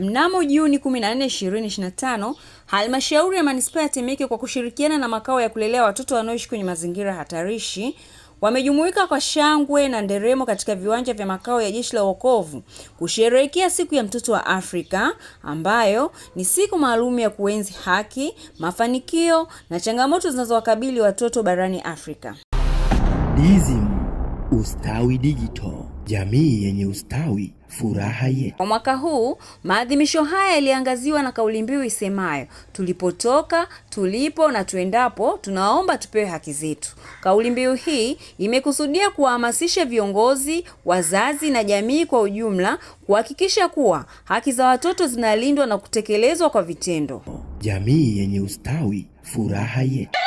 Mnamo Juni 14, 2025, Halmashauri ya Manispaa ya Temeke kwa kushirikiana na Makao ya Kulelea Watoto Wanaoishi kwenye Mazingira Hatarishi wamejumuika kwa shangwe na nderemo katika viwanja vya makao ya Jeshi la Wokovu kusherehekea Siku ya Mtoto wa Afrika ambayo ni siku maalum ya kuenzi haki, mafanikio na changamoto zinazowakabili watoto barani Afrika. DSM Ustawi Digital, jamii yenye ustawi furaha yetu. Kwa mwaka huu maadhimisho haya yaliangaziwa na kauli mbiu isemayo tulipotoka, tulipo na tuendapo, tunaomba tupewe haki zetu. Kauli mbiu hii imekusudia kuwahamasisha viongozi, wazazi na jamii kwa ujumla kuhakikisha kuwa haki za watoto zinalindwa na kutekelezwa kwa vitendo. Jamii yenye ustawi, furaha yetu.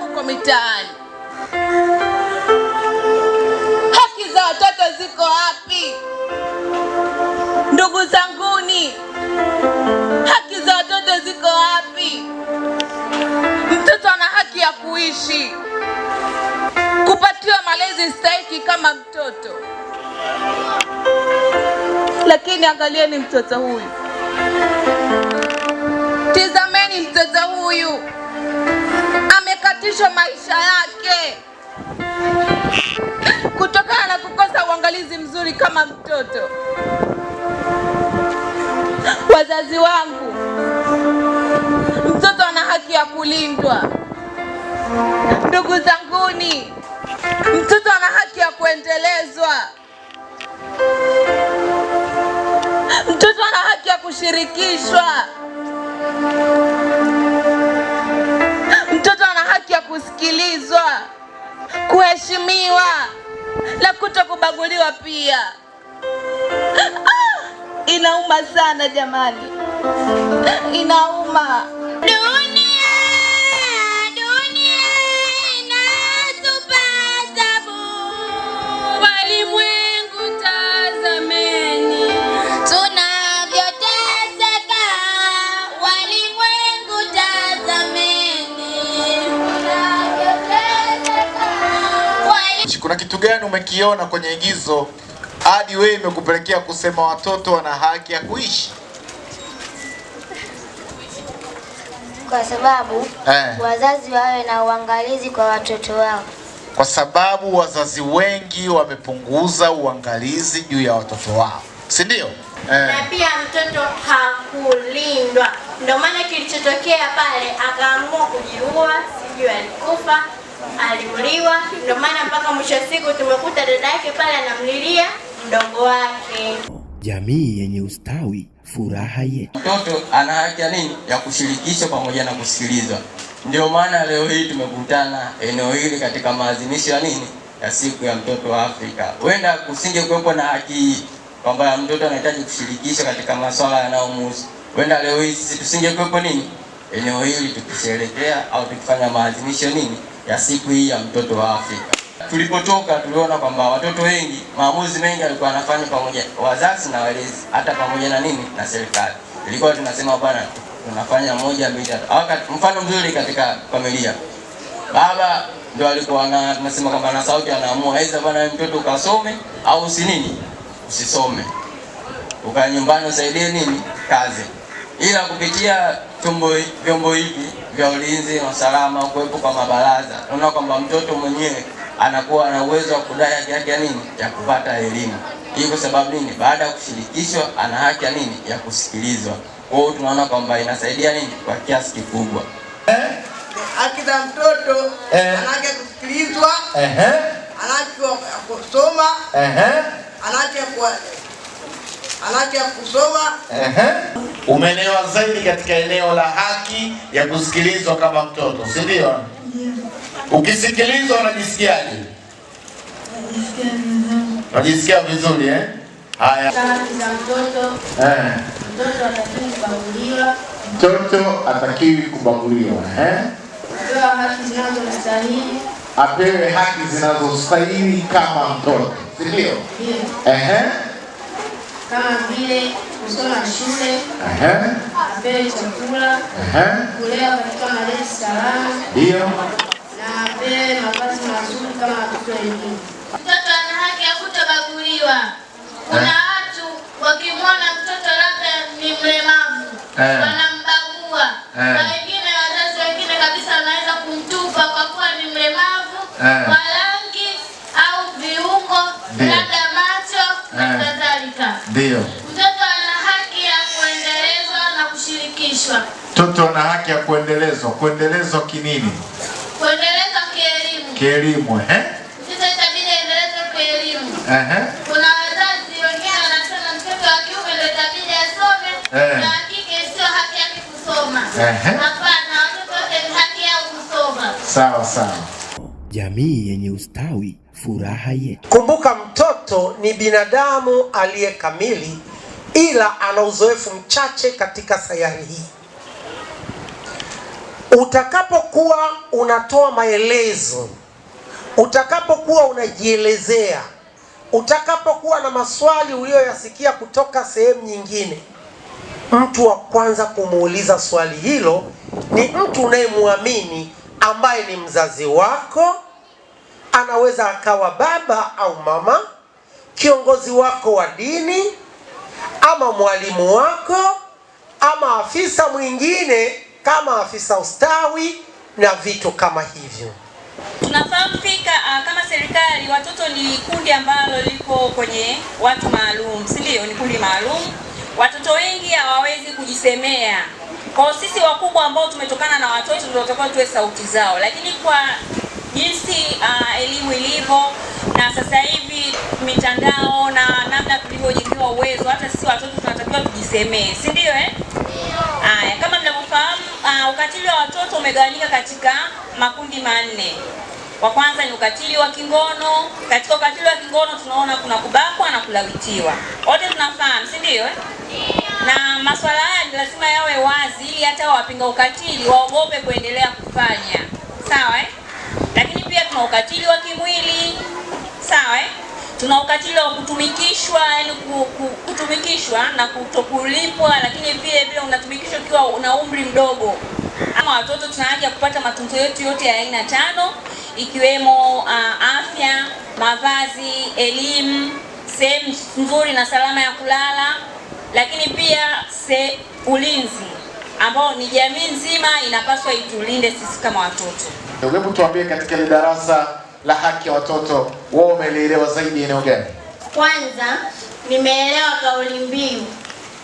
huko mitaani. Haki za watoto ziko wapi? Ndugu zanguni, haki za watoto ziko wapi? Mtoto ana haki ya kuishi, kupatiwa malezi stahiki kama mtoto, lakini angalieni mtoto huyu, tizameni mtoto huyu kusikitishwa maisha yake kutokana na kukosa uangalizi mzuri kama mtoto. Wazazi wangu, mtoto ana haki ya kulindwa. Ndugu zanguni, mtoto ana haki ya kuendelezwa. Mtoto ana haki ya kushirikishwa katika kusikilizwa, kuheshimiwa na kutokubaguliwa pia. Ah, inauma sana jamani, inauma. kuna kitu gani umekiona kwenye igizo hadi wewe imekupelekea kusema watoto wana haki ya kuishi? Kwa sababu eh, wazazi wawe na uangalizi kwa watoto wao, kwa sababu wazazi wengi wamepunguza uangalizi juu ya watoto wao, si ndio? Eh, na pia mtoto hakulindwa, ndio maana kilichotokea pale akaamua kujiua, sijui alikufa aliuliwa, ndio maana mpaka mwisho siku tumekuta dada yake pale anamlilia mdogo wake. Jamii yenye ustawi, furaha yetu. Mtoto ana haki ya nini? Ya kushirikishwa pamoja na kusikilizwa. Ndio maana leo hii tumekutana eneo hili katika maadhimisho ya nini, ya siku ya mtoto wa Afrika. Huenda kusinge kuwepo na haki hii kwamba mtoto anahitaji kushirikishwa katika masuala yanayomhusu, huenda leo hii sisi tusinge kuwepo nini eneo hili tukisherekea au tukifanya maadhimisho nini ya siku hii ya mtoto wa Afrika. Tulipotoka tuliona kwamba watoto wengi, maamuzi mengi alikuwa anafanya pamoja wazazi na walezi, hata pamoja na nini na serikali. Ilikuwa tunasema bwana, tunafanya moja mbili tatu. Wakati mfano mzuri katika familia, baba ndio alikuwa na tunasema kwamba na sauti, anaamua aidha, bwana mtoto ukasome au usinini usisome, ukaa nyumbani usaidie nini kazi, ila kupitia vyombo vyombo hivi vya ulinzi na usalama, kuwepo kwa mabaraza, unaona kwamba mtoto mwenyewe anakuwa ana uwezo wa kudai haki yake ya nini ya kupata elimu hii. Kwa sababu nini? Baada ya kushirikishwa ana haki ya nini ya kusikilizwa. Kwa hiyo tunaona kwamba inasaidia nini kwa kiasi kikubwa eh? haki za mtoto, eh. ana haki ya kusikilizwa, eh, ana haki ya kusoma, ana haki ya Halafu ya kusoma umelewa zaidi katika eneo la haki ya kusikilizwa kama mtoto, si ndio? Yeah. Ukisikilizwa unajisikiaje? Unajisikia vizuri eh? Haya. Eh. Mtoto atakiwi kubaguliwa eh? Apewe haki zinazostahili kama mtoto, si ndio? Yeah kama vile kusoma shule, apewe chakula, kulea katika malezi salama, ndio na apewe mavazi mazuri kama watoto wengine. Mtoto ana haki ya kutobaguliwa. Kuna eh. watu wakimwona mtoto labda ni mlemavu eh. wanambagua, na eh. wengine wazazi wengine kabisa wanaweza kuendelezwa. Kuendelezwa kinini? Kuendelezwa kielimu. Kielimu, eh? Sisi itabidi endelezwe kielimu. Eh. eh. Kuna wazazi wengine wanasema mtoto wa kiume ndio itabidi asome, eh. na kike sio haki yake kusoma. Eh, Hapana, watoto wote ni haki yao kusoma. Sawa sawa. Jamii yenye ustawi, furaha yetu. Kumbuka mtoto ni binadamu aliyekamili, ila ana uzoefu mchache katika sayari hii. Utakapokuwa unatoa maelezo, utakapokuwa unajielezea, utakapokuwa na maswali uliyoyasikia kutoka sehemu nyingine, mtu wa kwanza kumuuliza swali hilo ni mtu unayemwamini ambaye ni mzazi wako, anaweza akawa baba au mama, kiongozi wako wa dini, ama mwalimu wako, ama afisa mwingine kama afisa ustawi na vitu kama hivyo. Tunafahamu fika uh, kama serikali watoto ni kundi ambalo liko kwenye watu maalum, si ndio? Ni kundi maalum. Watoto wengi hawawezi kujisemea. Kwa sisi wakubwa ambao tumetokana na watoto tunatakiwa tuwe sauti zao, lakini kwa jinsi uh, elimu ilivyo na sasa hivi mitandao na namna tulivyojengewa uwezo, hata sisi watoto tunatakiwa tujisemee, si ndio eh? Haya, kama uh, ukatili wa watoto umegawanyika katika makundi manne. Wa kwanza ni ukatili wa kingono. Katika ukatili wa kingono tunaona kuna kubakwa na kulawitiwa, wote tunafahamu, si ndio eh? Na masuala haya ni lazima yawe wazi, ili hata wapinga ukatili waogope kuendelea kufanya, sawa eh? Lakini pia tuna ukatili wa kimwili, sawa eh? Tuna ukatili wa kutumikishwa, yani kutumikishwa na kutokulipwa, lakini vile vile unatumikishwa ukiwa una umri mdogo. Ama watoto tuna haki ya kupata matunzo yetu yote ya aina tano ikiwemo uh, afya, mavazi, elimu, sehemu nzuri na salama ya kulala, lakini pia se, ulinzi ambao ni jamii nzima inapaswa itulinde sisi kama watoto. Hebu tuambie katika darasa la haki ya watoto wao umelielewa zaidi eneo gani? Kwanza Nimeelewa kauli mbiu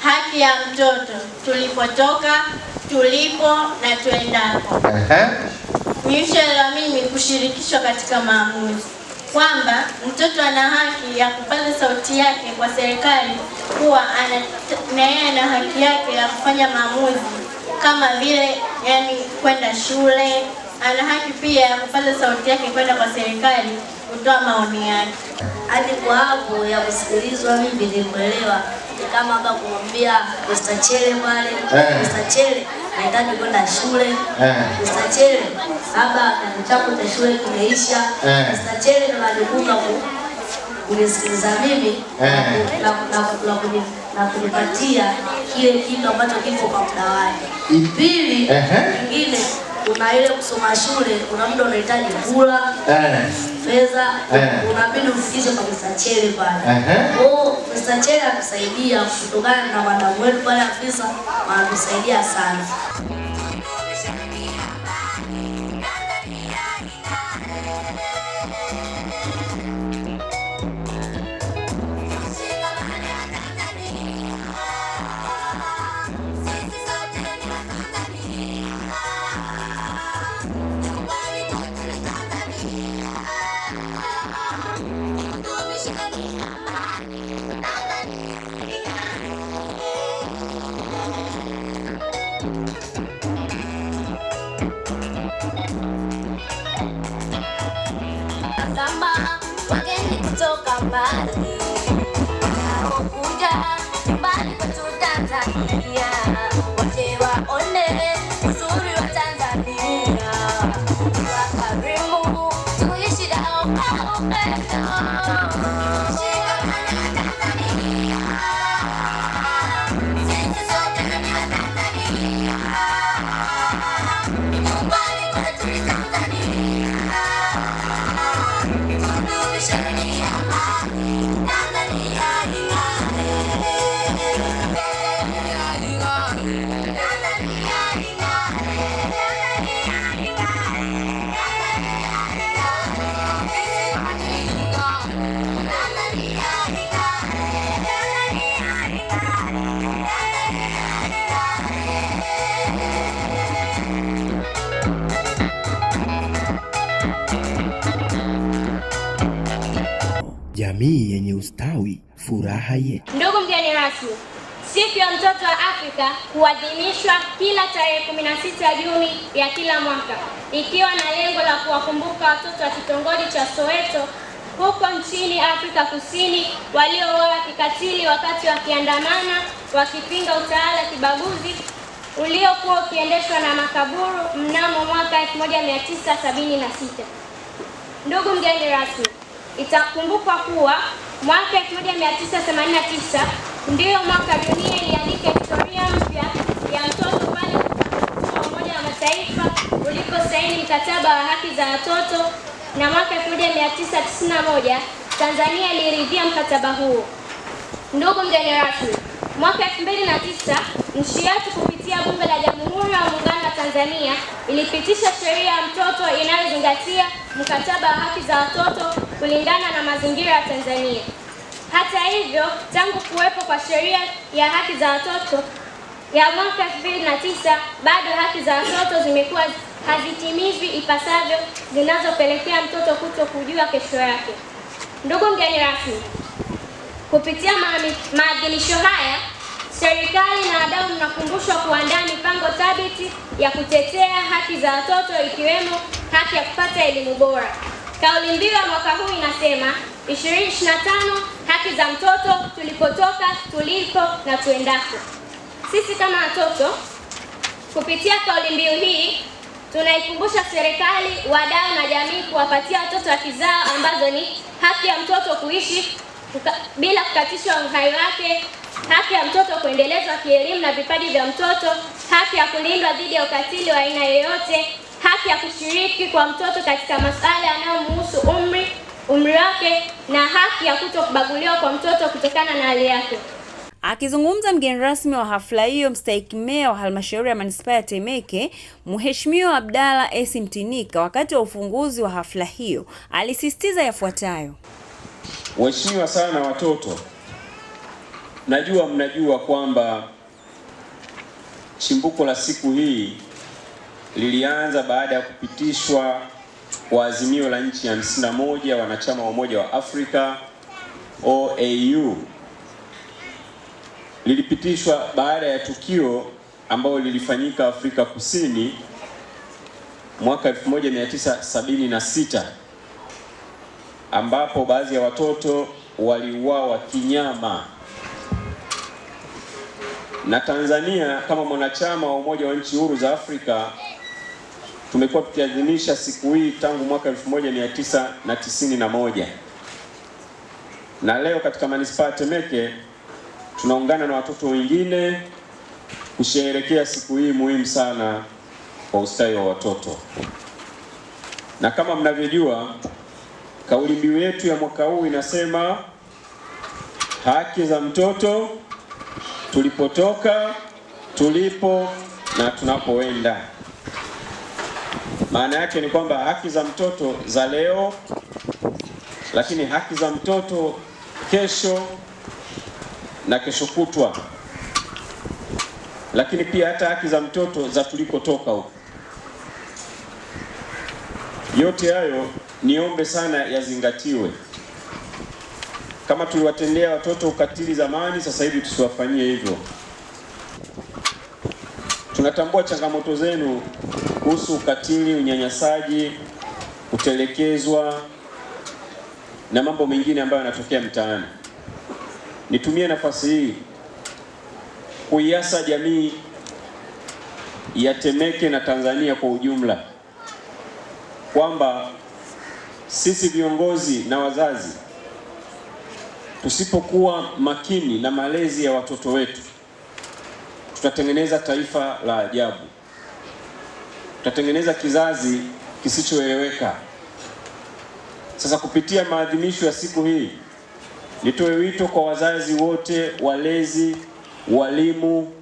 haki ya mtoto, tulipotoka, tulipo na tuendako. Niisho la mimi kushirikishwa katika maamuzi kwamba mtoto ana haki ya kupata sauti yake kwa serikali, kuwa na yeye ana haki yake ya kufanya maamuzi kama vile yani kwenda shule. Ana haki pia ya kupata sauti yake kwenda kwa serikali kutoa maoni yake. Hadi kwa hapo ya kusikilizwa mimi nilimwelewa, kama hapa kumwambia Mr. Chele pale, eh. Mr. Chele nahitaji kwenda shule, eh. Mr. Chele hapa chako cha shule kimeisha, eh. Mr. Chele na majukumu kunisikiliza mimi na kunipatia kile kitu ambacho kiko kwa muda wake. Pili, nyingine kuna ile kusoma shule, kuna muda unahitaji kula meza eh, unabidi ufikishe kwa Mr. Chele pale eh. Oh, Mr. Chele atusaidia kutokana na wadau wetu pale afisa, wanatusaidia sana. Sama mungkin hijau kembali Aku punya kembali ke sudah jamii yenye ustawi, furaha yetu. Ndugu mgeni rasmi, siku ya mtoto wa Afrika huadhimishwa kila tarehe 16 Juni ya kila mwaka ikiwa na lengo la kuwakumbuka watoto wa kitongoji cha Soweto huko nchini Afrika Kusini waliouawa kikatili wakati wakiandamana wakipinga utawala kibaguzi uliokuwa ukiendeshwa na makaburu mnamo mwaka 1976. Ndugu mgeni rasmi Itakumbukwa kuwa mwaka 1989 ndiyo mwaka dunia iliandika historia mpya ya mtoto pale wa Umoja wa Mataifa uliposaini mkataba wa haki za watoto, na mwaka 1991 Tanzania iliridhia mkataba huo. Ndugu mgeni rasmi, mwaka 2009 nchi yetu kupitia Bunge la Jamhuri ya Muungano wa Tanzania ilipitisha sheria ya mtoto inayozingatia mkataba wa haki za watoto kulingana na mazingira ya Tanzania. Hata hivyo, tangu kuwepo kwa sheria ya haki za watoto ya mwaka 2009 bado haki za watoto zimekuwa hazitimizwi ipasavyo, zinazopelekea mtoto kuto kujua kesho yake. Ndugu mgeni rasmi, kupitia maadhimisho haya serikali na wadau mnakumbushwa kuandaa mipango thabiti ya kutetea haki za watoto ikiwemo haki ya kupata elimu bora. Kauli mbiu ya mwaka huu inasema 2025 haki za mtoto, tulipotoka, tulipo na tuendako. Sisi kama watoto kupitia kauli mbiu hii tunaikumbusha serikali, wadau na jamii kuwapatia watoto haki zao ambazo ni haki ya mtoto kuishi kuka, bila kukatishwa uhai wake, haki ya mtoto kuendelezwa kielimu na vipaji vya mtoto, haki ya kulindwa dhidi ya ukatili wa aina yoyote haki ya kushiriki kwa mtoto katika masuala yanayomhusu umri, umri wake na haki ya kutokubaguliwa kwa mtoto kutokana na hali yake. Akizungumza mgeni rasmi wa hafla hiyo, mstahiki meya wa halmashauri ya manispaa ya Temeke Mheshimiwa Abdalla Esi Mtinika, wakati wa ufunguzi wa hafla hiyo, alisisitiza yafuatayo: Waheshimiwa sana watoto, najua mnajua kwamba chimbuko la siku hii lilianza baada ya kupitishwa kwa azimio la nchi 51 wanachama wa Umoja wa Afrika OAU. Lilipitishwa baada ya tukio ambalo lilifanyika Afrika Kusini mwaka 1976 ambapo baadhi ya watoto waliuawa kinyama na Tanzania kama mwanachama wa Umoja wa Nchi Huru za Afrika Tumekuwa tukiadhimisha siku hii tangu mwaka 1991 na leo katika manispaa ya Temeke tunaungana na watoto wengine kusherehekea siku hii muhimu sana kwa ustawi wa watoto. Na kama mnavyojua, kauli mbiu yetu ya mwaka huu inasema haki za mtoto, tulipotoka, tulipo na tunapoenda. Maana yake ni kwamba haki za mtoto za leo, lakini haki za mtoto kesho na kesho kutwa, lakini pia hata haki za mtoto za tulikotoka huko. Yote hayo niombe sana yazingatiwe. Kama tuliwatendea watoto ukatili zamani, sasa hivi tusiwafanyie hivyo. Tunatambua changamoto zenu kuhusu ukatili, unyanyasaji, kutelekezwa na mambo mengine ambayo yanatokea mtaani. Nitumie nafasi hii kuiasa jamii ya Temeke na Tanzania kwa ujumla kwamba sisi viongozi na wazazi tusipokuwa makini na malezi ya watoto wetu tutatengeneza taifa la ajabu tutatengeneza kizazi kisichoeleweka. Sasa kupitia maadhimisho ya siku hii, nitoe wito kwa wazazi wote, walezi, walimu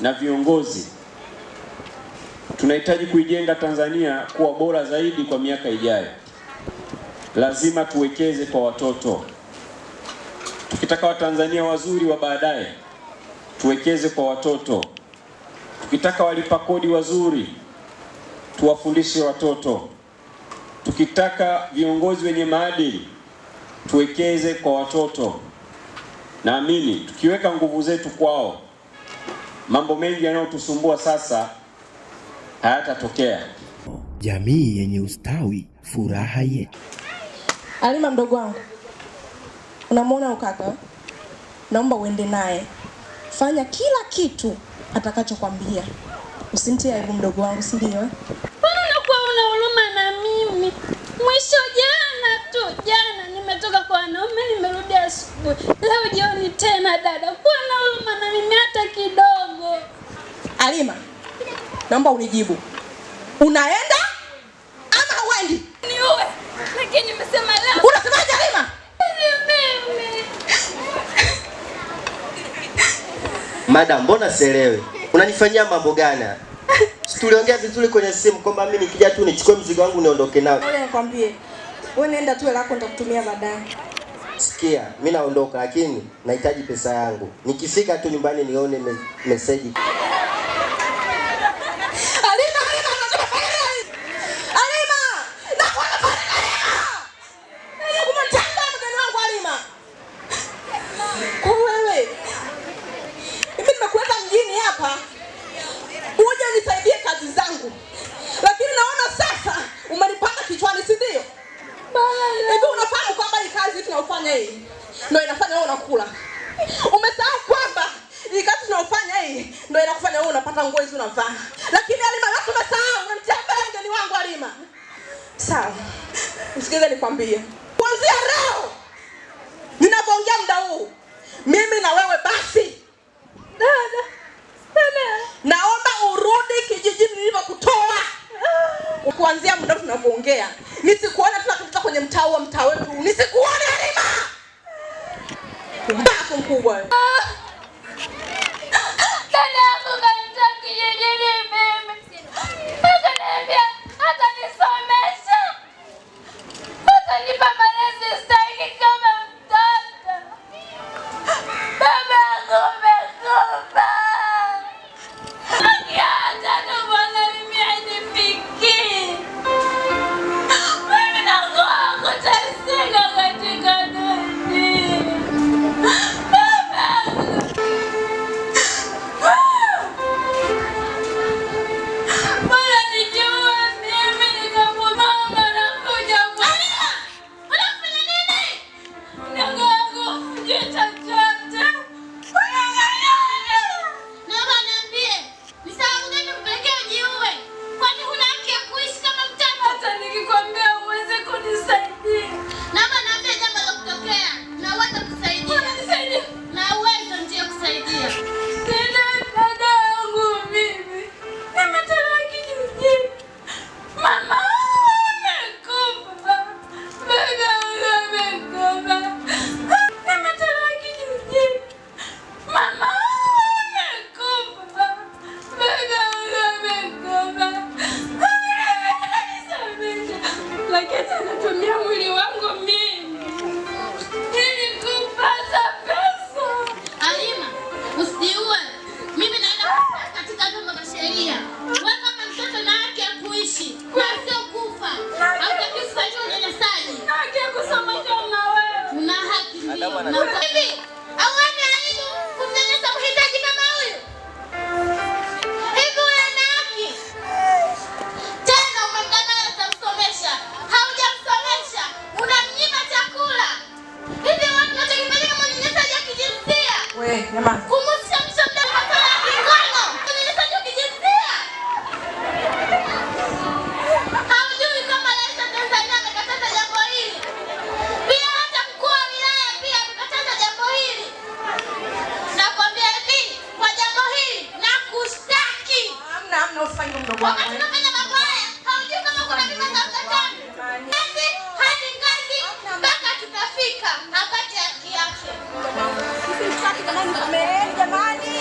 na viongozi. Tunahitaji kuijenga Tanzania kuwa bora zaidi kwa miaka ijayo. Lazima tuwekeze kwa watoto. Tukitaka Watanzania wazuri wa baadaye, tuwekeze kwa watoto. Tukitaka walipa kodi wazuri tuwafundishe watoto. Tukitaka viongozi wenye maadili, tuwekeze kwa watoto. Naamini tukiweka nguvu zetu kwao, mambo mengi yanayotusumbua sasa hayatatokea. Jamii yenye ustawi, furaha yetu. Alima, mdogo wangu, unamwona ukaka, naomba uende naye, fanya kila kitu atakachokwambia. Usimtie aibu mdogo wangu, si ndio? Mbona unakuwa una huruma na mimi? Mwisho jana tu, jana nimetoka kwa wanaume, nimerudi asubuhi, leo jioni tena. Dada, kuwa na huruma na mimi hata kidogo. Alima, naomba unijibu, unaenda ama huendi? Niue, lakini nimesema leo. Unasemaje Alima? Mimi. Madam, mbona sielewi? unanifanyia mambo gani? Si tuliongea vizuri kwenye simu kwamba mimi nikija tu nichukue mzigo wangu niondoke nao. Wewe nikwambie. Wewe nenda tu lako nitakutumia baadaye. Sikia, mimi naondoka lakini nahitaji pesa yangu. Nikifika tu nyumbani nione message. Nisikize nikwambie, kuanzia leo ninapoongea muda huu, mimi na wewe basi dada, naomba urudi kijijini nilivyokutoa. Kuanzia muda tunapoongea, nisikuone kutoka kwenye mtaa wa mtaa wetu, nisikuone Halima, mbaku mkubwa. Amen, jamani.